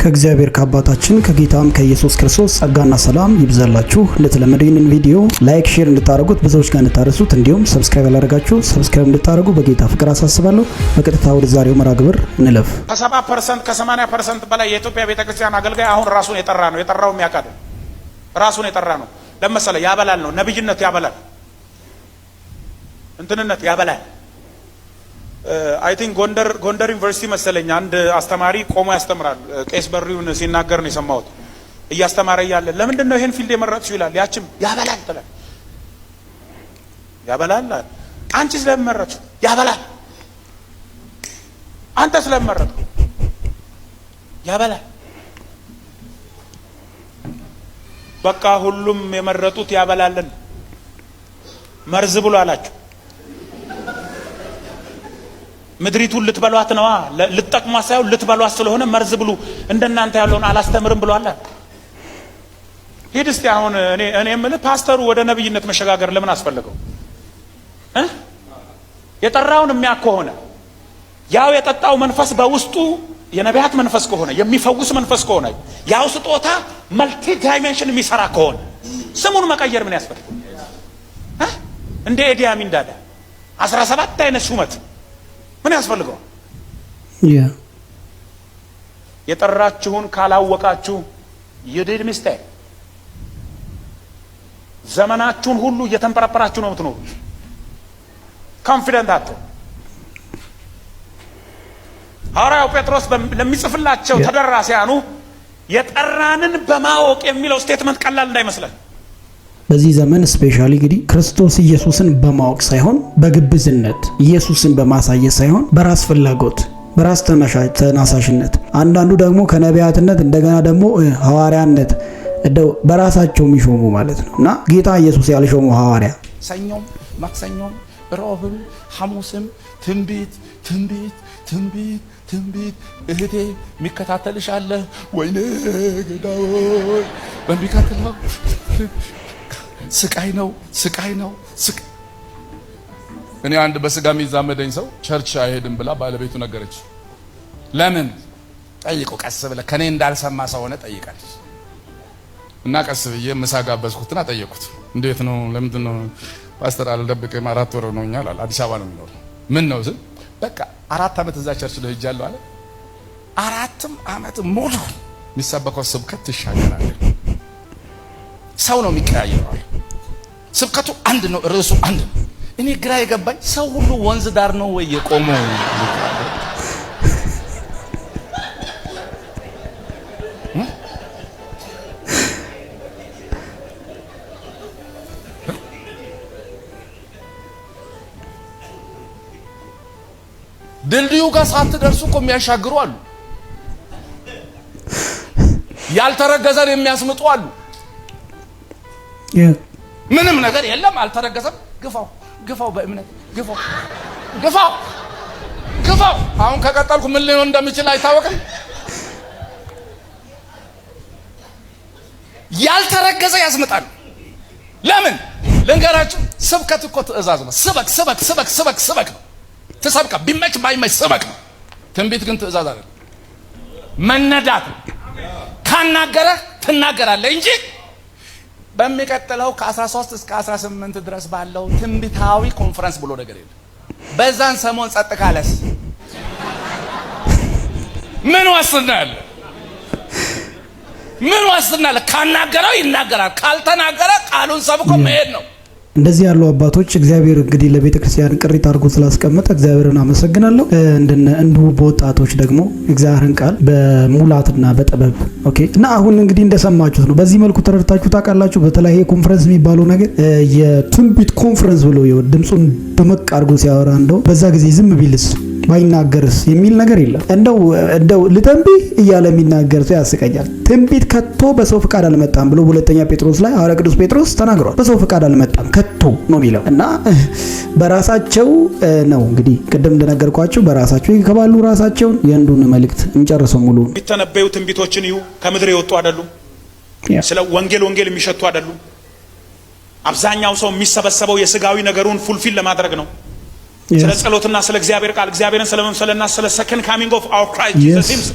ከእግዚአብሔር ከአባታችን ከጌታም ከኢየሱስ ክርስቶስ ጸጋና ሰላም ይብዛላችሁ። እንደተለመደው ይህንን ቪዲዮ ላይክ፣ ሼር እንድታደርጉት ብዙዎች ጋር እንድታደርሱት እንዲሁም ሰብስክራይብ ያላደረጋችሁ ሰብስክራይብ እንድታደርጉ በጌታ ፍቅር አሳስባለሁ። በቀጥታ ወደ ዛሬው መርሃ ግብር እንለፍ። ከ70 ፐርሰንት ከ80 ፐርሰንት በላይ የኢትዮጵያ ቤተክርስቲያን አገልጋይ አሁን ራሱን የጠራ ነው። የጠራው የሚያውቃል ራሱን የጠራ ነው። ለመሰለ ያበላል ነው ነብይነት ያበላል እንትንነት ያበላል አይ ቲንክ ጎንደር ጎንደር ዩኒቨርሲቲ መሰለኝ አንድ አስተማሪ ቆሞ ያስተምራል። ቄስ በሪውን ሲናገር ነው የሰማሁት። እያስተማረ እያለ ለምንድን ነው ይሄን ፊልድ የመረጥሽው ይላል። ያችም ያበላል ትላል። ያበላል አንቺ ስለመረጥሽው ያበላል አንተ ስለመረጥከው ያበላል። በቃ ሁሉም የመረጡት ያበላልን መርዝ ብሎ አላቸው። ምድሪቱን ልትበሏት ነዋ። ልትጠቅሟት ሳይሆን ልትበሏት ስለሆነ መርዝ ብሉ። እንደናንተ ያለውን አላስተምርም ብሏለ ሂድ እስቲ አሁን እኔ እኔ የምልህ ፓስተሩ ወደ ነብይነት መሸጋገር ለምን አስፈለገው? የጠራውን የሚያክ ከሆነ ያው የጠጣው መንፈስ በውስጡ የነቢያት መንፈስ ከሆነ የሚፈውስ መንፈስ ከሆነ ያው ስጦታ መልቲ ዳይሜንሽን የሚሰራ ከሆነ ስሙን መቀየር ምን ያስፈልግ? እንደ ኤዲያሚ እንዳለ አስራ ሰባት አይነት ሹመት ምን ያስፈልገው? የጠራችሁን ካላወቃችሁ የድድ ሚስታይ ዘመናችሁን ሁሉ እየተንበረበራችሁ ነው ምትኖሩ። ኮንፊደንት አቶ ሐዋርያው ጴጥሮስ ለሚጽፍላቸው ተደራሲያኑ የጠራንን በማወቅ የሚለው ስቴትመንት ቀላል እንዳይመስለን በዚህ ዘመን ስፔሻሊ እንግዲህ ክርስቶስ ኢየሱስን በማወቅ ሳይሆን በግብዝነት ኢየሱስን በማሳየት ሳይሆን በራስ ፍላጎት በራስ ተናሳሽነት አንዳንዱ ደግሞ ከነቢያትነት እንደገና ደግሞ ሐዋርያነት እንደው በራሳቸው የሚሾሙ ማለት ነው እና ጌታ ኢየሱስ ያልሾሙ ሐዋርያ ሰኞም ማክሰኞም ሮብም ሐሙስም ትንቢት ትንቢት ትንቢት ትንቢት እህቴ የሚከታተልሽ አለ ወይኔ ገዳዎች በሚከትለው ስቃይ ነው፣ ስቃይ ነው። እኔ አንድ በስጋ የሚዛመደኝ ሰው ቸርች አይሄድም ብላ ባለቤቱ ነገረች። ለምን ጠይቆ ቀስ ብለ ከኔ እንዳልሰማ ሰው ሆነ ጠይቃለች። እና ቀስ ብዬ ምሳ ጋበዝኩትና ጠየቁት። እንዴት ነው? ለምንድን ነው ፓስተር አልደብቅም፣ አራት ወር ነው እኛ አዲስ አበባ ነው የሚኖረው። ምን ነው ስል በቃ አራት ዓመት እዛ ቸርች ላይ ያለው አለ። አራትም ዓመት ሙሉ የሚሰበከው ስብከት ትሻገራለ። ሰው ነው የሚቀያየረዋል ስብከቱ አንድ ነው፣ ርዕሱ አንድ ነው። እኔ ግራ የገባኝ ሰው ሁሉ ወንዝ ዳር ነው ወይ የቆመው? ድልድዩ ጋር ሳትደርሱ እኮ የሚያሻግሩ አሉ። ያልተረገዘን የሚያስምጡ አሉ። ምንም ነገር የለም፣ አልተረገዘም። ግፋው ግፋው፣ በእምነት ግፋው ግፋው ግፋው። አሁን ከቀጠልኩ ምን ሊሆን እንደሚችል አይታወቅም። ያልተረገዘ ያስመጣል። ለምን ልንገራችሁ? ስብከት እኮ ትእዛዝ ነው። ስበክ ስበክ ስበክ ስበክ ስበክ ነው። ትሰብከ ቢመች ባይመች ስበክ ነው። ትንቢት ግን ትእዛዝ አይደለም፣ መነዳት ነው። ካናገረህ ትናገራለህ እንጂ በሚቀጥለው ከ13 እስከ 18 ድረስ ባለው ትንቢታዊ ኮንፈረንስ ብሎ ነገር የለም። በዛን ሰሞን ጸጥ ካለስ ምን ዋስትና አለ? ምን ዋስትና አለ? ካናገረው ይናገራል፣ ካልተናገረ ቃሉን ሰብኮ መሄድ ነው። እንደዚህ ያሉ አባቶች እግዚአብሔር እንግዲህ ለቤተ ክርስቲያን ቅሪት አድርጎ ስላስቀመጠ እግዚአብሔርን አመሰግናለሁ። እንዲሁ በወጣቶች ደግሞ እግዚአብሔርን ቃል በሙላትና በጥበብ ኦኬ። እና አሁን እንግዲህ እንደሰማችሁት ነው። በዚህ መልኩ ተረድታችሁ ታውቃላችሁ። በተለይ ኮንፈረንስ የሚባለው ነገር የትንቢት ኮንፈረንስ ብሎ ድምፁን ደመቅ አድርጎ ሲያወራ እንደው በዛ ጊዜ ዝም ቢልስ ባይናገርስ የሚል ነገር የለም። እንደው እንደው ልተንብህ እያለ የሚናገር ሰው ያስቀኛል። ትንቢት ከቶ በሰው ፍቃድ አልመጣም ብሎ ሁለተኛ ጴጥሮስ ላይ ሐዋርያ ቅዱስ ጴጥሮስ ተናግሯል። በሰው ፍቃድ አልመጣም ከቶ ነው የሚለው እና በራሳቸው ነው እንግዲህ ቅድም እንደነገርኳቸው በራሳቸው ይከባሉ ራሳቸውን የአንዱን መልእክት እንጨርሰው ሙሉ የሚተነበዩ ትንቢቶችን ይሁ ከምድር የወጡ አይደሉም። ስለ ወንጌል ወንጌል የሚሸቱ አይደሉም። አብዛኛው ሰው የሚሰበሰበው የስጋዊ ነገሩን ፉልፊል ለማድረግ ነው። ስለ ጸሎትና ስለ እግዚአብሔር ቃል እግዚአብሔርን ስለ መምሰልና ስለ ሰከንድ ካሚንግ ኦፍ አወር ክራይስት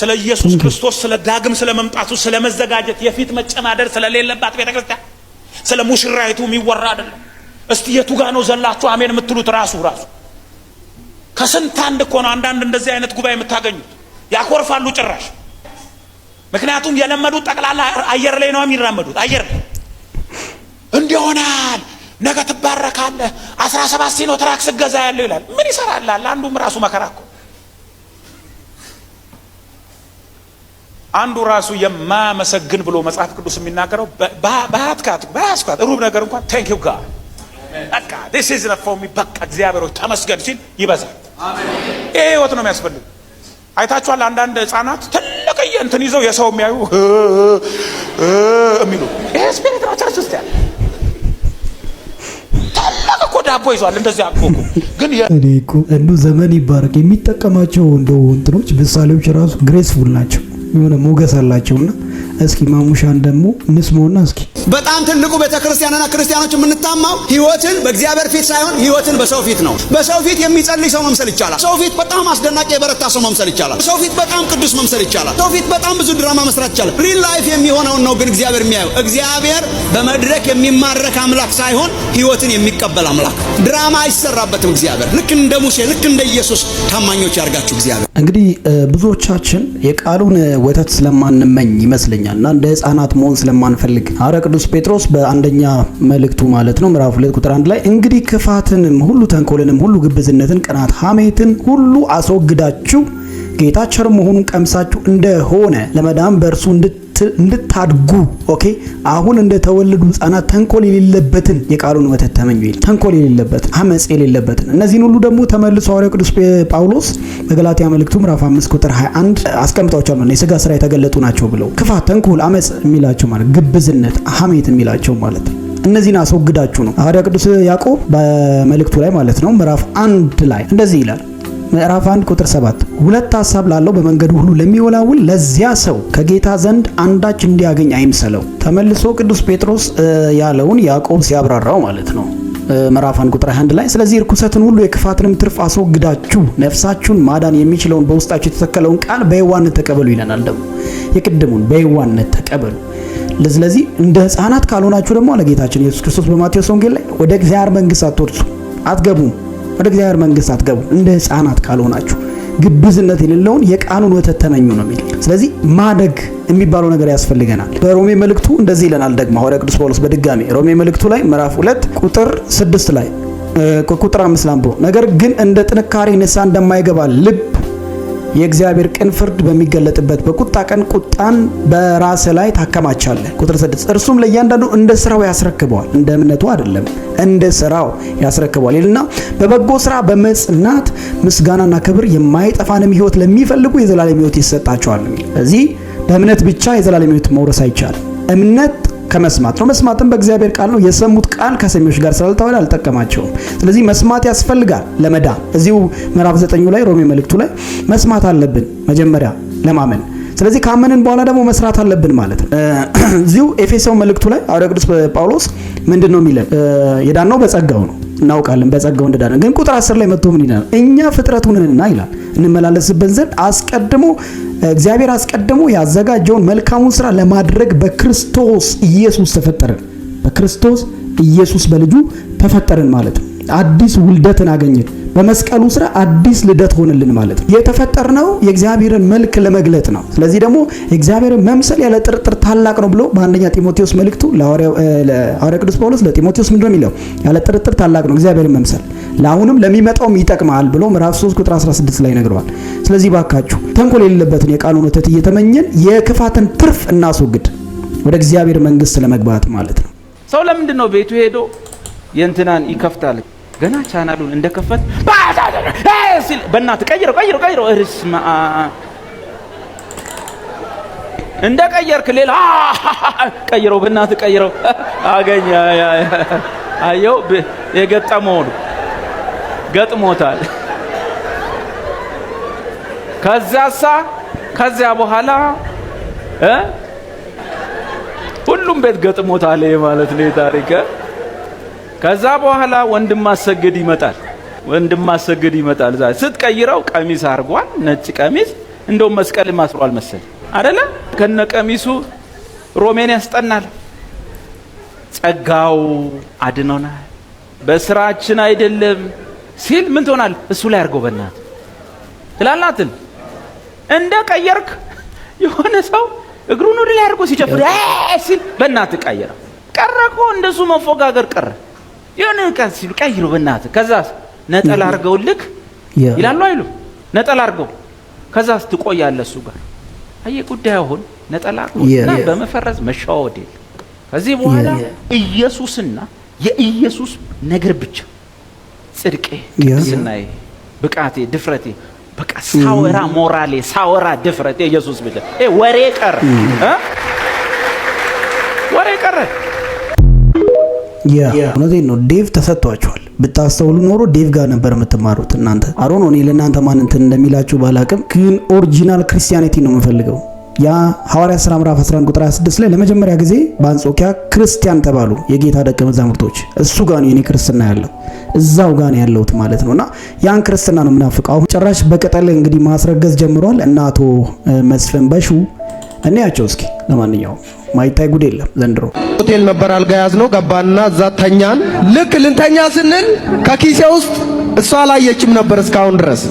ስለ ኢየሱስ ክርስቶስ ስለ ዳግም ስለ መምጣቱ ስለ መዘጋጀት የፊት መጨማደር ስለሌለባት ቤተ ክርስቲያን ስለ ሙሽራይቱ የሚወራ አይደለም። እስቲ የቱ ጋ ነው ዘላችሁ አሜን የምትሉት? ራሱ ራሱ ከስንት አንድ እኮ ነው። አንዳንድ እንደዚህ አይነት ጉባኤ የምታገኙት ያኮርፋሉ ጭራሽ። ምክንያቱም የለመዱት ጠቅላላ አየር ላይ ነው የሚራመዱት። አየር ላይ እንዲሆናል ነገ ትባረካለህ አስራ ሰባት ሲኖ ትራክ ስገዛ ያለው ይላል። ምን ይሰራላል? አንዱም ራሱ መከራ እኮ አንዱ ራሱ የማመሰግን ብሎ መጽሐፍ ቅዱስ የሚናገረው በአትካት በአስኳት ሩብ ነገር እንኳን ዩ ጋር በቃ ዲስ ኢዝ ነፎሚ በቃ እግዚአብሔር ተመስገን ሲል ይበዛል። ይሄ ህይወት ነው የሚያስፈልግ። አይታችኋል። አንዳንድ ህጻናት ትልቅ እንትን ይዘው የሰው የሚያዩ የሚሉ ይሄ ስፒሪት ነው ቸርች ውስጥ ያለ ዳቦ ይዟል። እንደዚህ አድርጎ ግን እኔ እኮ እንደው ዘመን ይባረክ የሚጠቀማቸው እንደው እንትኖች ምሳሌዎች ራሱ ግሬስፉል ናቸው፣ የሆነ ሞገስ አላቸውና እስኪ ማሙሻን ደግሞ እንስማውና እስኪ በጣም ትልቁ ቤተ ክርስቲያንና ክርስቲያኖች የምንታማው ህይወትን በእግዚአብሔር ፊት ሳይሆን ህይወትን በሰው ፊት ነው። በሰው ፊት የሚጸልይ ሰው መምሰል ይቻላል። ሰው ፊት በጣም አስደናቂ የበረታ ሰው መምሰል ይቻላል። ሰው ፊት በጣም ቅዱስ መምሰል ይቻላል። ሰው ፊት በጣም ብዙ ድራማ መስራት ይቻላል። ሪል ላይፍ የሚሆነውን ነው ግን እግዚአብሔር የሚያየው። እግዚአብሔር በመድረክ የሚማረክ አምላክ ሳይሆን ህይወትን የሚቀበል አምላክ። ድራማ አይሰራበትም። እግዚአብሔር ልክ እንደ ሙሴ ልክ እንደ ኢየሱስ ታማኞች ያርጋችሁ እግዚአብሔር። እንግዲህ ብዙዎቻችን የቃሉን ወተት ስለማንመኝ ይመስለኛል እና እንደ ህፃናት መሆን ስለማንፈልግ አረ ቅዱስ ቅዱስ ጴጥሮስ በአንደኛ መልእክቱ ማለት ነው ምዕራፍ 2 ቁጥር 1 ላይ እንግዲህ ክፋትንም ሁሉ ተንኮልንም ሁሉ ግብዝነትን፣ ቅናት፣ ሐሜትን ሁሉ አስወግዳችሁ ጌታ ቸር መሆኑን ቀምሳችሁ እንደሆነ ለመዳን በእርሱ እንድታድጉ ኦኬ። አሁን እንደተወለዱ ህጻናት ተንኮል የሌለበትን የቃሉን ወተት ተመኙ ይል ተንኮል የሌለበትን አመፅ የሌለበትን እነዚህን ሁሉ ደግሞ ተመልሶ ሐዋርያው ቅዱስ ጳውሎስ በገላትያ መልእክቱ ምዕራፍ 5 ቁጥር 21 አስቀምጧቸዋል። ማለት የስጋ ስራ የተገለጡ ናቸው ብለው ክፋት፣ ተንኮል፣ አመፅ የሚላቸው ማለት ግብዝነት፣ ሀሜት የሚላቸው ማለት ነው። እነዚህን አስወግዳችሁ ነው ሐዋርያ ቅዱስ ያዕቆብ በመልእክቱ ላይ ማለት ነው ምዕራፍ አንድ ላይ እንደዚህ ይላል ምዕራፍ 1 ቁጥር 7 ሁለት ሐሳብ ላለው በመንገዱ ሁሉ ለሚወላውል ለዚያ ሰው ከጌታ ዘንድ አንዳች እንዲያገኝ አይምሰለው። ተመልሶ ቅዱስ ጴጥሮስ ያለውን ያዕቆብ ሲያብራራው ማለት ነው ምዕራፍ 1 ቁጥር 21 ላይ ስለዚህ እርኩሰትን ሁሉ የክፋትንም ትርፍ አስወግዳችሁ ነፍሳችሁን ማዳን የሚችለውን በውስጣችሁ የተተከለውን ቃል በየዋነት ተቀበሉ ይለናል። ደግሞ የቅድሙን በየዋነት ተቀበሉ። ስለዚህ እንደ ሕፃናት ካልሆናችሁ ደግሞ አለ ጌታችን ኢየሱስ ክርስቶስ በማቴዎስ ወንጌል ላይ ወደ እግዚአብሔር መንግሥት አትወርሱ አትገቡም ወደ እግዚአብሔር መንግስት አትገቡ እንደ ህፃናት ካልሆናችሁ ግብዝነት የሌለውን የቃሉን ወተት ተመኙ ነው የሚል። ስለዚህ ማደግ የሚባለው ነገር ያስፈልገናል። በሮሜ መልእክቱ እንደዚህ ይለናል። ደግሞ ሐዋርያ ቅዱስ ጳውሎስ በድጋሚ ሮሜ መልእክቱ ላይ ምዕራፍ ሁለት ቁጥር ስድስት ላይ ቁጥር አምስት ላምብሮ ነገር ግን እንደ ጥንካሬ ንስሐ እንደማይገባ ልብ የእግዚአብሔር ቅን ፍርድ በሚገለጥበት በቁጣ ቀን ቁጣን በራስ ላይ ታከማቻለህ። ቁጥር 6 እርሱም ለእያንዳንዱ እንደ ስራው ያስረክበዋል፣ እንደ እምነቱ አይደለም፣ እንደ ስራው ያስረክበዋል ይልና በበጎ ስራ በመጽናት ምስጋናና ክብር የማይጠፋንም ህይወት ለሚፈልጉ የዘላለም ህይወት ይሰጣቸዋል። እዚህ በእምነት ብቻ የዘላለም ህይወት መውረስ አይቻልም። እምነት ከመስማት ነው። መስማትም በእግዚአብሔር ቃል ነው። የሰሙት ቃል ከሰሚዎች ጋር ስላልተዋሃደ አልጠቀማቸውም። ስለዚህ መስማት ያስፈልጋል ለመዳ እዚሁ ምዕራፍ ዘጠኙ ላይ ሮሜ መልእክቱ ላይ መስማት አለብን መጀመሪያ ለማመን ስለዚህ ካመንን በኋላ ደግሞ መስራት አለብን ማለት ነው። እዚሁ ኤፌሶን መልእክቱ ላይ ሐዋርያ ቅዱስ ጳውሎስ ምንድን ነው የሚለን? የዳነው በጸጋው ነው እናውቃለን በጸጋው እንደዳነ። ግን ቁጥር አስር ላይ መጥቶ ምን ይላል? እኛ ፍጥረቱንና ይላል እንመላለስበት ዘንድ አስቀድሞ እግዚአብሔር አስቀድሞ ያዘጋጀውን መልካሙን ስራ ለማድረግ በክርስቶስ ኢየሱስ ተፈጠርን። በክርስቶስ ኢየሱስ በልጁ ተፈጠርን ማለት ነው። አዲስ ውልደትን አገኘን። በመስቀሉ ስራ አዲስ ልደት ሆነልን ማለት ነው። የተፈጠርነው የእግዚአብሔርን መልክ ለመግለጥ ነው። ስለዚህ ደግሞ የእግዚአብሔርን መምሰል ያለ ጥርጥር ታላቅ ነው ብሎ በአንደኛ ጢሞቴዎስ መልእክቱ ለሐዋርያ ቅዱስ ጳውሎስ ለጢሞቴዎስ ምንድነው የሚለው? ያለ ጥርጥር ታላቅ ነው እግዚአብሔርን መምሰል ለአሁንም ለሚመጣውም ይጠቅማል ብሎ ምዕራፍ 3 ቁጥር 16 ላይ ነግረዋል። ስለዚህ ባካችሁ ተንኮል የሌለበትን የቃሉን ወተት እየተመኘን የክፋትን ትርፍ እናስወግድ፣ ወደ እግዚአብሔር መንግስት ለመግባት ማለት ነው። ሰው ለምንድን ነው ቤቱ ሄዶ የእንትናን ይከፍታል? ገና ቻናሉን እንደከፈት ሲል በእናትህ ቀይረው ቀይረው ቀይረው እርስማ እንደ ቀየርክ ሌላ ቀይረው በእናትህ ቀይረው አገኘ አየው የገጠመውን ገጥሞታል። ከዚያሳ ከዚያ በኋላ ሁሉም ቤት ገጥሞታል ማለት ነው የታሪከ ከዛ በኋላ ወንድም አሰግድ ይመጣል። ወንድም አሰግድ ይመጣል። ዛ ስትቀይረው ቀሚስ አርጓል፣ ነጭ ቀሚስ እንደውም መስቀል ማስሯል መሰል አደለ? ከነ ቀሚሱ ሮሜን ያስጠናል። ጸጋው አድኖናል፣ በስራችን አይደለም ሲል ምን ትሆናል? እሱ ላይ አርገው በእናት ትላላትን እንደ ቀየርክ የሆነ ሰው እግሩን ወደ ላይ አድርጎ ሲጨፍር ሲል በእናት ቀየረ። ቀረ እኮ እንደሱ መፎጋገር ቀረ። የሆነ ቀን ሲሉ ቀይሩ በእናትህ ከዛ ነጠላ አድርገውልክ ይላሉ አይሉ ነጠላ አርገው ከዛ ትቆያለህ እሱ ጋር አየ ጉዳይ አሁን ነጠላ አድርገውና በመፈረዝ መሸዋወድ የለ ከዚህ በኋላ ኢየሱስና የኢየሱስ ነገር ብቻ ጽድቄ፣ ቅድስናዬ፣ ብቃቴ፣ ድፍረቴ በቃ ሳወራ ሞራሌ ሳወራ ድፍረቴ ኢየሱስ ብቻ ወሬ ቀር እውነቴን ነው። ዴቭ ተሰጥቷቸዋል። ብታስተውሉ ኖሮ ዴቭ ጋር ነበር የምትማሩት እናንተ። አሮ እኔ ለእናንተ ማን እንትን እንደሚላችሁ ባላቅም፣ ግን ኦሪጂናል ክርስቲያኒቲ ነው የምፈልገው። ያ ሐዋርያት ሥራ ምዕራፍ 11 ቁጥር 26 ላይ ለመጀመሪያ ጊዜ በአንጾኪያ ክርስቲያን ተባሉ የጌታ ደቀ መዛሙርቶች። እሱ ጋር ነው የኔ ክርስትና ያለው እዛው ጋር ነው ያለሁት ማለት ነውና ያን ክርስትና ነው የምናፍቀው። አሁን ጭራሽ በቅጠል እንግዲህ ማስረገዝ ጀምሯል እና አቶ መስፍን በሹ እኔ ያቸው እስኪ ለማንኛውም ማይታይ ጉድ የለም ዘንድሮ። ሆቴል ነበር አልጋ ያዝ ነው ገባና እዛ ተኛን። ልክ ልንተኛ ስንል ከኪሴ ውስጥ እሷ አላየችም ነበር እስካሁን ድረስ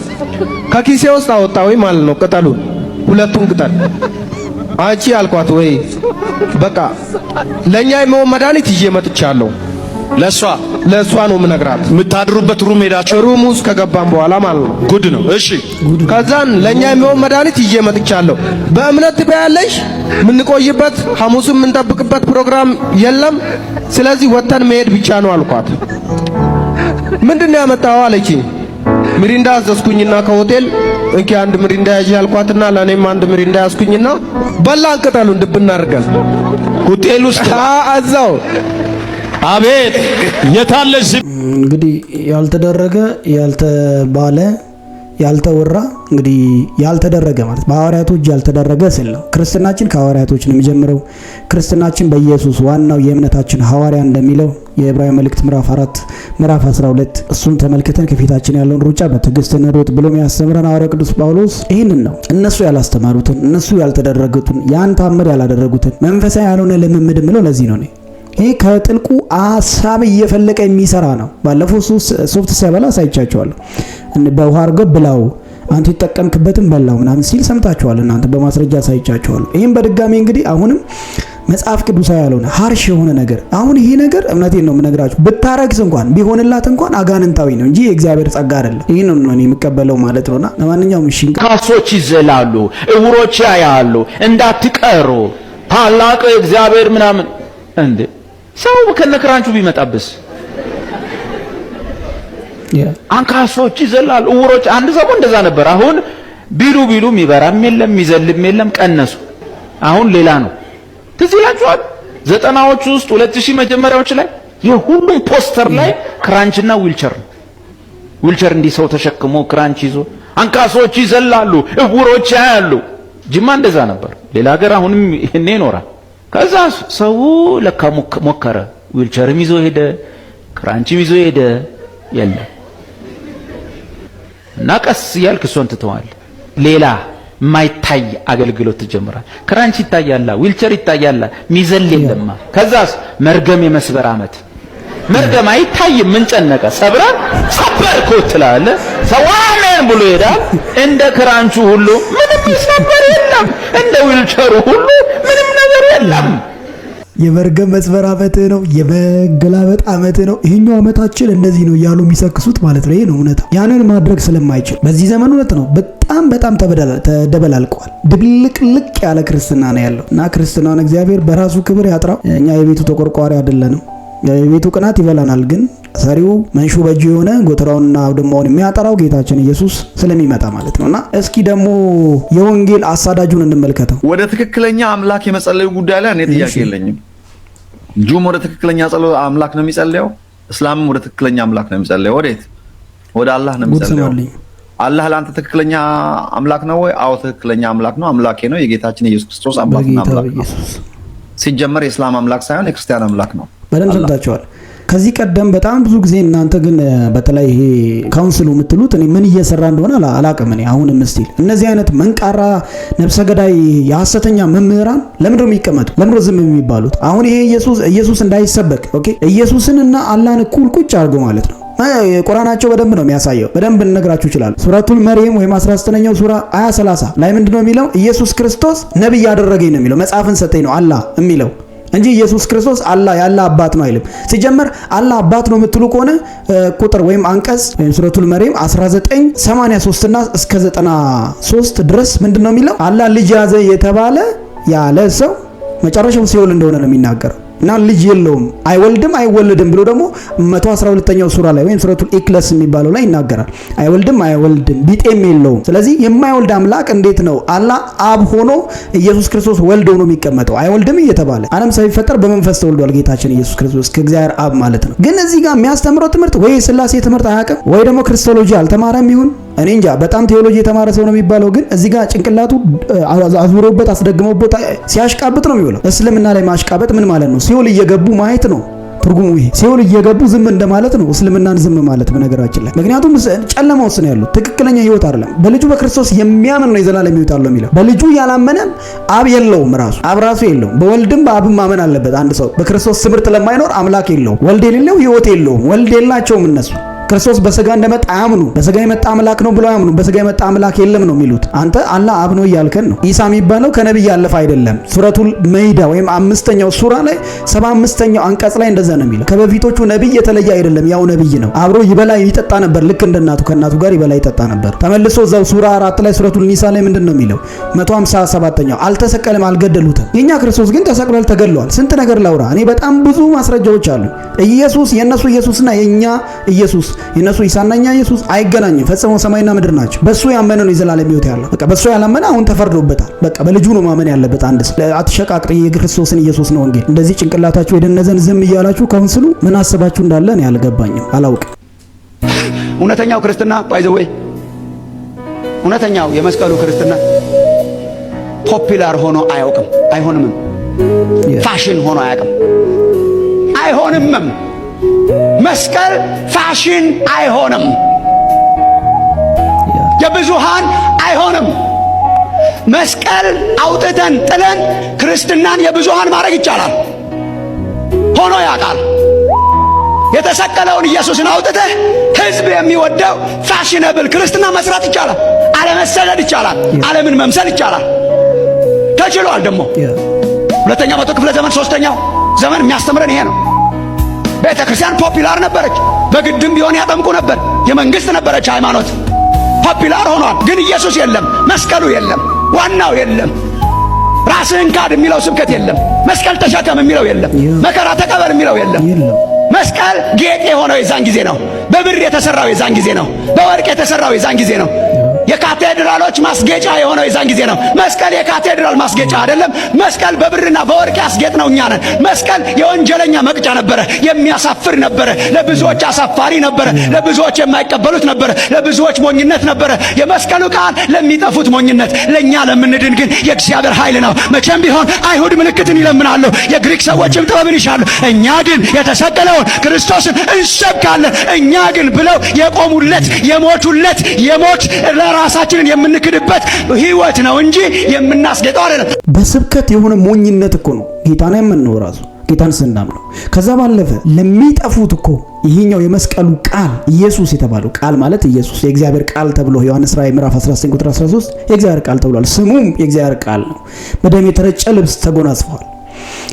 ከኪሴ ውስጥ ወይ ማለት ነው ቅጠሉን፣ ሁለቱን ቅጠል አንቺ አልኳት ወይ በቃ ለእኛ የሚሆን መድኃኒት ይዤ መጥቻለሁ። ለእሷ ለእሷ ነው የምነግራት። የምታድሩበት ሩም ሄዳችሁ ሩም ውስጥ ከገባን በኋላ ማለት ነው ጉድ ነው። እሺ ከዛን ለኛ የሚሆን መድኃኒት ይዤ መጥቻለሁ። በእምነት ትበያለሽ። የምንቆይበት ሐሙሱን የምንጠብቅበት ፕሮግራም የለም። ስለዚህ ወጥተን መሄድ ብቻ ነው አልኳት። ምንድን ነው ያመጣው አለችኝ። ሚሪንዳ አዘዝኩኝና ከሆቴል እንኪ አንድ ምሪንዳ ያዥ አልኳትና ለእኔም አንድ ምሪንዳ ያዝኩኝና በላን። ቅጠሉን ድብና አድርገን ሆቴል ውስጥ አዛው አቤት የታለሽ እንግዲህ ያልተደረገ ያልተባለ ያልተወራ እንግዲህ ያልተደረገ ማለት በሐዋርያቱ እጅ ያልተደረገ ስል ነው። ክርስትናችን ከሐዋርያቶች ነው የሚጀምረው። ክርስትናችን በኢየሱስ ዋናው የእምነታችን ሐዋርያ እንደሚለው የዕብራዊ መልእክት ምዕራፍ 4 ምዕራፍ 12 እሱን ተመልክተን ከፊታችን ያለውን ሩጫ በትዕግስት እንሩጥ ብሎ የሚያስተምረን ሐዋርያው ቅዱስ ጳውሎስ ይህንን ነው። እነሱ ያላስተማሩትን እነሱ ያልተደረጉትን ያን ታምር ያላደረጉትን መንፈሳዊ ያልሆነ ልምምድ ምለው ለዚህ ነው። ይህ ከጥልቁ ሀሳብ እየፈለቀ የሚሰራ ነው። ባለፈው ሶፍት ሲያበላ አሳይቻቸዋለሁ። በውሃ አድርገው ብላው አንተ የተጠቀምክበትን በላው ምናምን ሲል ሰምታችኋል። እናንተ በማስረጃ አሳይቻችኋለሁ። ይህም በድጋሚ እንግዲህ አሁንም መጽሐፍ ቅዱሳዊ ያልሆነ ሀርሽ የሆነ ነገር አሁን ይሄ ነገር እምነቴን ነው የምነግራችሁ። ብታረግስ እንኳን ቢሆንላት እንኳን አጋንንታዊ ነው እንጂ የእግዚአብሔር ጸጋ አይደለም። ይህ ነው እኔ የምቀበለው ማለት ነውና፣ ለማንኛውም እሺ። ካሶች ይዘላሉ፣ እውሮች ያያሉ፣ እንዳትቀሩ ታላቅ እግዚአብሔር ምናምን እንዴ ሰው ከነክራንቹ ቢመጣብስ? አንካሶች ይዘላል፣ እውሮች። አንድ ሰሞን እንደዛ ነበር። አሁን ቢሉ ቢሉ የሚበራም የለም የሚዘልም የለም፣ ቀነሱ። አሁን ሌላ ነው። ትዝ ይላችኋል ዘጠናዎቹ ውስጥ ሁለት ሺህ መጀመሪያዎች ላይ የሁሉም ፖስተር ላይ ክራንችና ዊልቸር ነው። ዊልቸር እንዲህ ሰው ተሸክሞ ክራንች ይዞ፣ አንካሶች ይዘላሉ፣ እውሮች ያያሉ። ጅማ እንደዛ ነበር። ሌላ ሀገር አሁንም ይሄኔ ይኖራል። ከዛ ሰው ለካ ሞከረ። ዊልቸርም ይዞ ሄደ፣ ክራንችም ይዞ ሄደ። የለም እና ቀስ እያልክ እሷን ትተዋል። ሌላ የማይታይ አገልግሎት ትጀምራል። ክራንች ይታያላ፣ ዊልቸር ይታያላ፣ ሚዘል የለማ። ከዛስ መርገም የመስበር አመት መርገም አይታይም። ምን ጨነቀ? ሰብረ ሰበርኩ ትላለ ሰው አሜን ብሎ ይሄዳል። እንደ ክራንቹ ሁሉ ምንም ይሰበር የለም፣ እንደ ዊልቸሩ ሁሉ የመርገም መጽበር ዓመትህ ነው፣ የመገላበጥ ዓመትህ ነው፣ ይህኛው ዓመታችን እንደዚህ ነው እያሉ የሚሰክሱት ማለት ነው። ይሄ ነው እውነታ። ያንን ማድረግ ስለማይችል በዚህ ዘመን እውነት ነው በጣም በጣም ተደበላልቀዋል። ድብልቅልቅ ያለ ክርስትና ነው ያለው እና ክርስትናን እግዚአብሔር በራሱ ክብር ያጥራው። እኛ የቤቱ ተቆርቋሪ አይደለንም። የቤቱ ቅናት ይበላናል ግን ሰሪው መንሹ በእጁ የሆነ ጎተራውንና አውድማውን የሚያጠራው ጌታችን ኢየሱስ ስለሚመጣ ማለት ነው። እና እስኪ ደግሞ የወንጌል አሳዳጁን እንመልከተው። ወደ ትክክለኛ አምላክ የመጸለዩ ጉዳይ ላይ እኔ ጥያቄ የለኝም። ጁም ወደ ትክክለኛ ጸሎት አምላክ ነው የሚጸልየው። እስላምም ወደ ትክክለኛ አምላክ ነው የሚጸልየው። ወዴት? ወደ አላህ ነው የሚጸልየው። አላህ ለአንተ ትክክለኛ አምላክ ነው ወይ? አዎ ትክክለኛ አምላክ ነው፣ አምላኬ ነው። የጌታችን የኢየሱስ ክርስቶስ አምላክና አምላክ ነው። ሲጀመር የእስላም አምላክ ሳይሆን የክርስቲያን አምላክ ነው። በደንብ ሰምታችኋል። ከዚህ ቀደም በጣም ብዙ ጊዜ እናንተ ግን በተለይ ይሄ ካውንስሉ የምትሉት እኔ ምን እየሰራ እንደሆነ አላቅም። እኔ አሁንም ስቲል እነዚህ አይነት መንቃራ ነብሰ ገዳይ የሐሰተኛ መምህራን ለምንድን ነው የሚቀመጡ? ለምንድን ዝም የሚባሉት? አሁን ይሄ ኢየሱስ እንዳይሰበክ ኦኬ፣ እና አላህን እኩል ቁጭ አድርጎ ማለት ነው ቁራናቸው በደንብ ነው የሚያሳየው። በደንብ ልነግራችሁ ይችላል። ሱረቱል መርየም ወይም 19ኛው ሱራ አያ 30 ላይ ምንድነው የሚለው? ኢየሱስ ክርስቶስ ነብይ ያደረገኝ ነው የሚለው መጽሐፍን ሰጠኝ ነው አላህ የሚለው እንጂ ኢየሱስ ክርስቶስ አላ ያላ አባት ነው አይልም። ሲጀመር አላ አባት ነው የምትሉ ከሆነ ቁጥር ወይም አንቀጽ ወይም ሱረቱል መሪም 83ና እስከ 93 ድረስ ምንድን ነው የሚለው? አላ ልጅ ያዘ የተባለ ያለ ሰው መጨረሻው ሲኦል እንደሆነ ነው የሚናገረው። እና ልጅ የለውም አይወልድም አይወለድም ብሎ ደግሞ 112ኛው ሱራ ላይ ወይም ሱረቱል ኢክለስ የሚባለው ላይ ይናገራል። አይወልድም አይወልድም ቢጤም የለውም። ስለዚህ የማይወልድ አምላክ እንዴት ነው አላህ አብ ሆኖ ኢየሱስ ክርስቶስ ወልድ ሆኖ የሚቀመጠው? አይወልድም እየተባለ ዓለም ሳይፈጠር በመንፈስ ተወልዷል ጌታችን ኢየሱስ ክርስቶስ ከእግዚአብሔር አብ ማለት ነው። ግን እዚህ ጋር የሚያስተምረው ትምህርት ወይ ስላሴ ትምህርት አያውቅም ወይ ደግሞ ክርስቶሎጂ አልተማረም ይሁን እኔ እንጃ በጣም ቴዎሎጂ የተማረ ሰው ነው የሚባለው፣ ግን እዚህ ጋር ጭንቅላቱ አዙሮበት አስደግመውበት ሲያሽቃብጥ ነው የሚውለው። እስልምና ላይ ማሽቃበጥ ምን ማለት ነው? ሲውል እየገቡ ማየት ነው ትርጉሙ ይሄ ሲኦል እየገቡ ዝም እንደማለት ነው፣ እስልምናን ዝም ማለት በነገራችን ላይ ምክንያቱም ጨለማ ውስጥ ነው ያሉት። ትክክለኛ ህይወት አይደለም። በልጁ በክርስቶስ የሚያምን ነው የዘላለም ህይወት አለው የሚለው። በልጁ ያላመነ አብ የለውም፣ ራሱ አብ ራሱ የለውም። በወልድም በአብ ማመን አለበት አንድ ሰው። በክርስቶስ ትምህርት ለማይኖር አምላክ የለውም፣ ወልድ የሌለው ህይወት የለውም። ወልድ የላቸውም እነሱ ክርስቶስ በስጋ እንደመጣ አያምኑ። በስጋ የመጣ አምላክ ነው ብለው አያምኑ። በስጋ የመጣ አምላክ የለም ነው የሚሉት። አንተ አላ አብ ነው እያልከን ነው። ኢሳ የሚባለው ከነቢይ ያለፈ አይደለም። ሱረቱል መይዳ ወይም አምስተኛው ሱራ ላይ ሰባ አምስተኛው አንቀጽ ላይ እንደዛ ነው የሚለው። ከበፊቶቹ ነቢይ የተለየ አይደለም፣ ያው ነቢይ ነው። አብሮ ይበላ ይጠጣ ነበር። ልክ እንደ እናቱ ከእናቱ ጋር ይበላ ይጠጣ ነበር። ተመልሶ እዛው ሱራ አራት ላይ ሱረቱል ኒሳ ላይ ምንድን ነው የሚለው? መቶ ሀምሳ ሰባተኛው አልተሰቀለም፣ አልገደሉትም። የእኛ ክርስቶስ ግን ተሰቅሏል፣ ተገድሏል። ስንት ነገር ላውራ እኔ በጣም ብዙ ማስረጃዎች አሉ። ኢየሱስ የእነሱ ኢየሱስና የእኛ ኢየሱስ የእነሱ ኢሳና ኢየሱስ አይገናኝም። ፈጽሞ ሰማይና ምድር ናቸው። በእሱ ያመነ ነው የዘላለም ሕይወት ያለው። በቃ በእሱ ያላመነ አሁን ተፈርዶበታል። በቃ በልጁ ነው ማመን ያለበት። አንድ ሰው አትሸቃቅጥ፣ የክርስቶስን ኢየሱስ ነው ወንጌል። እንደዚህ ጭንቅላታችሁ የደነዘን ዝም እያላችሁ ካውንስሉ ምን አስባችሁ እንዳለ እኔ አልገባኝም፣ አላውቅም። እውነተኛው ክርስትና ባይዘወይ እውነተኛው የመስቀሉ ክርስትና ፖፒላር ሆኖ አያውቅም፣ አይሆንምም። ፋሽን ሆኖ አያውቅም፣ አይሆንምም። መስቀል ፋሽን አይሆንም፣ የብዙሃን አይሆንም። መስቀል አውጥተን ጥለን ክርስትናን የብዙሃን ማድረግ ይቻላል። ሆኖ ያውቃል። የተሰቀለውን ኢየሱስን አውጥተህ ህዝብ የሚወደው ፋሽነብል ክርስትና መስራት ይቻላል። አለመሰደድ ይቻላል። ዓለምን መምሰል ይቻላል። ተችሏል። ደግሞ ሁለተኛው መቶ ክፍለ ዘመን ሶስተኛው ዘመን የሚያስተምረን ይሄ ነው። ቤተ ክርስቲያን ፖፒላር ነበረች። በግድም ቢሆን ያጠምቁ ነበር። የመንግስት ነበረች ሃይማኖት። ፖፒላር ሆኗል። ግን ኢየሱስ የለም፣ መስቀሉ የለም፣ ዋናው የለም፣ ራስህን ካድ የሚለው ስብከት የለም፣ መስቀል ተሸከም የሚለው የለም፣ መከራ ተቀበል የሚለው የለም። መስቀል ጌጥ የሆነው የዛን ጊዜ ነው። በብር የተሰራው የዛን ጊዜ ነው። በወርቅ የተሰራው የዛን ጊዜ ነው። የካቴድራሎች ማስጌጫ የሆነው የዛን ጊዜ ነው። መስቀል የካቴድራል ማስጌጫ አይደለም። መስቀል በብርና በወርቅ ያስጌጥ ነው እኛ ነን። መስቀል የወንጀለኛ መቅጫ ነበረ፣ የሚያሳፍር ነበረ፣ ለብዙዎች አሳፋሪ ነበረ፣ ለብዙዎች የማይቀበሉት ነበረ፣ ለብዙዎች ሞኝነት ነበረ። የመስቀሉ ቃል ለሚጠፉት ሞኝነት፣ ለእኛ ለምንድን ግን የእግዚአብሔር ኃይል ነው። መቼም ቢሆን አይሁድ ምልክትን ይለምናሉ፣ የግሪክ ሰዎችም ጥበብን ይሻሉ። እኛ ግን የተሰቀለውን ክርስቶስን እንሰብካለን። እኛ ግን ብለው የቆሙለት የሞቱለት የሞት ራሳችንን የምንክድበት ህይወት ነው እንጂ የምናስጌጠው አይደለም። በስብከት የሆነ ሞኝነት እኮ ነው ጌታን የምንነው ራሱ ጌታን ስናምነው። ከዛ ባለፈ ለሚጠፉት እኮ ይህኛው የመስቀሉ ቃል ኢየሱስ የተባለው ቃል ማለት ኢየሱስ የእግዚአብሔር ቃል ተብሎ ዮሐንስ ራእይ ምዕራፍ 19 ቁጥር 13 የእግዚአብሔር ቃል ተብሏል። ስሙም የእግዚአብሔር ቃል ነው። በደም የተረጨ ልብስ ተጎናጽፏል።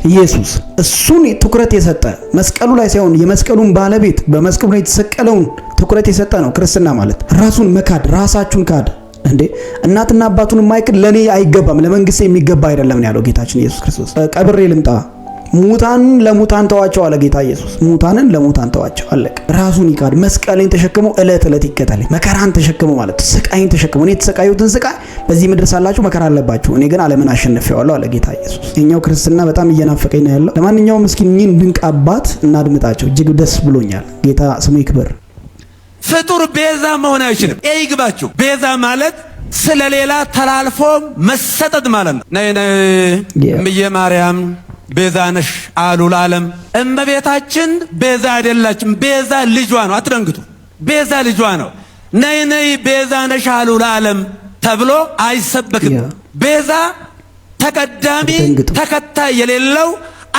ኢየሱስ እሱን ትኩረት የሰጠ መስቀሉ ላይ ሳይሆን የመስቀሉን ባለቤት በመስቀሉ ላይ የተሰቀለውን ትኩረት የሰጠ ነው ክርስትና ማለት። ራሱን መካድ፣ ራሳችሁን ካድ እንዴ እናትና አባቱን የማይክድ ለኔ አይገባም ለመንግስት የሚገባ አይደለም ያለው ጌታችን ኢየሱስ ክርስቶስ ቀብሬ ልምጣ ሙታንን ለሙታን ተዋቸው አለ ጌታ ኢየሱስ። ሙታንን ለሙታን ተዋቸው አለቀ። ራሱን ይካድ መስቀልን ተሸክሞ እለት እለት ይከተለኝ። መከራን ተሸክሞ ማለት ስቃይን ተሸክሞ እኔ የተሰቃዩትን ስቃይ በዚህ ምድር ሳላችሁ መከራ አለባችሁ፣ እኔ ግን ዓለምን አሸንፌዋለሁ አለ ጌታ ኢየሱስ። የኛው ክርስትና በጣም እየናፈቀኝ ነው ያለው። ለማንኛውም እስኪ እኚህን ድንቅ አባት እናድምጣቸው። እጅግ ደስ ብሎኛል። ጌታ ስሙ ይክበር። ፍጡር ቤዛ መሆን አይችልም። ይግባችሁ። ቤዛ ማለት ስለሌላ ተላልፎ መሰጠት ማለት ነው። ነይ ነይ እምዬ ማርያም ቤዛ ነሽ አሉ ለዓለም። እመቤታችን ቤዛ አይደላችም። ቤዛ ልጇ ነው። አትደንግጡ። ቤዛ ልጇ ነው። ነይ ነይ ቤዛ ነሽ አሉ ለዓለም ተብሎ አይሰበክም። ቤዛ ተቀዳሚ ተከታይ የሌለው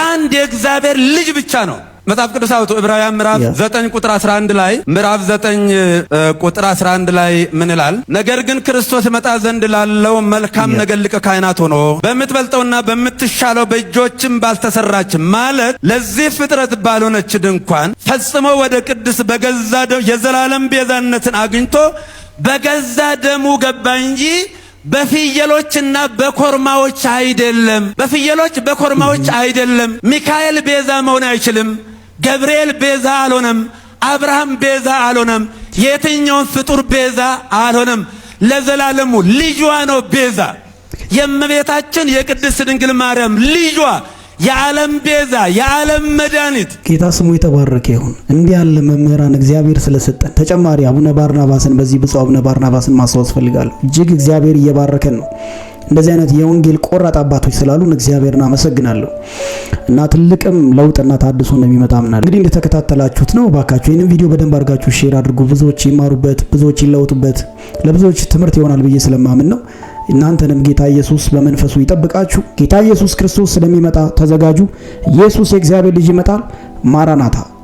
አንድ የእግዚአብሔር ልጅ ብቻ ነው። መጽሐፍ ቅዱስ አውጡ። ዕብራውያን ምዕራፍ 9 ቁጥር 11 ላይ ምዕራፍ 9 ቁጥር 11 ላይ ምን ይላል? ነገር ግን ክርስቶስ መጣ ዘንድ ላለው መልካም ነገር ሊቀ ካህናት ሆኖ በምትበልጠውና በምትሻለው በእጆችም ባልተሰራች ማለት ለዚህ ፍጥረት ባልሆነች ድንኳን ፈጽሞ ወደ ቅድስ በገዛ የዘላለም ቤዛነትን አግኝቶ በገዛ ደሙ ገባ እንጂ በፍየሎችና በኮርማዎች አይደለም። በፍየሎች በኮርማዎች mm-hmm. አይደለም። ሚካኤል ቤዛ መሆን አይችልም። ገብርኤል ቤዛ አልሆነም። አብርሃም ቤዛ አልሆነም። የትኛውን ፍጡር ቤዛ አልሆነም። ለዘላለሙ ልጇ ነው ቤዛ። የእመቤታችን የቅድስት ድንግል ማርያም ልጇ የዓለም ቤዛ የዓለም መድኃኒት ጌታ ስሙ የተባረከ ይሁን። እንዲህ ያለ መምህራን እግዚአብሔር ስለሰጠን ተጨማሪ አቡነ ባርናባስን በዚህ ብፁዕ አቡነ ባርናባስን ማስታወስ ፈልጋለሁ። እጅግ እግዚአብሔር እየባረከን ነው። እንደዚህ አይነት የወንጌል ቆራጥ አባቶች ስላሉን እግዚአብሔርን አመሰግናለሁ እና ትልቅም ለውጥና ታድሶ እንደሚመጣ አምናለሁ። እንግዲህ እንደተከታተላችሁት ነው። ባካችሁ ይህንን ቪዲዮ በደንብ አድርጋችሁ ሼር አድርጉ። ብዙዎች ይማሩበት፣ ብዙዎች ይለውጡበት፣ ለብዙዎች ትምህርት ይሆናል ብዬ ስለማምን ነው። እናንተንም ጌታ ኢየሱስ በመንፈሱ ይጠብቃችሁ። ጌታ ኢየሱስ ክርስቶስ ስለሚመጣ ተዘጋጁ። ኢየሱስ የእግዚአብሔር ልጅ ይመጣል። ማራናታ